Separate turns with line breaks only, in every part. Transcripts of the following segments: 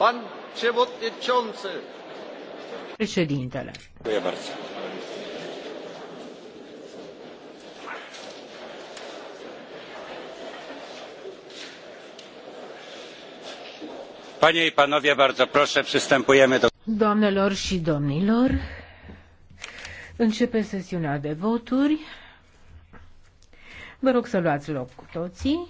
Pan Przewodniczący.
Președintele.
Panie i panowie, bardzo proszę, przystępujemy do...
Doamnelor și domnilor, începe sesiunea de voturi. Vă rog să luați loc cu toții.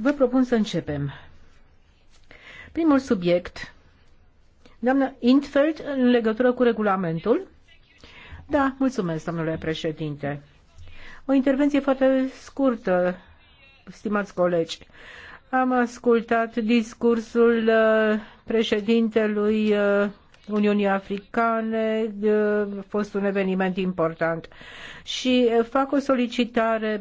Vă propun să începem. Primul subiect, doamnă Intfeld, în legătură cu regulamentul. Da, mulțumesc, domnule președinte. O intervenție foarte scurtă, stimați colegi. Am ascultat discursul uh, președintelui uh, Uniunii Africane, uh, a fost un eveniment important. Și fac o solicitare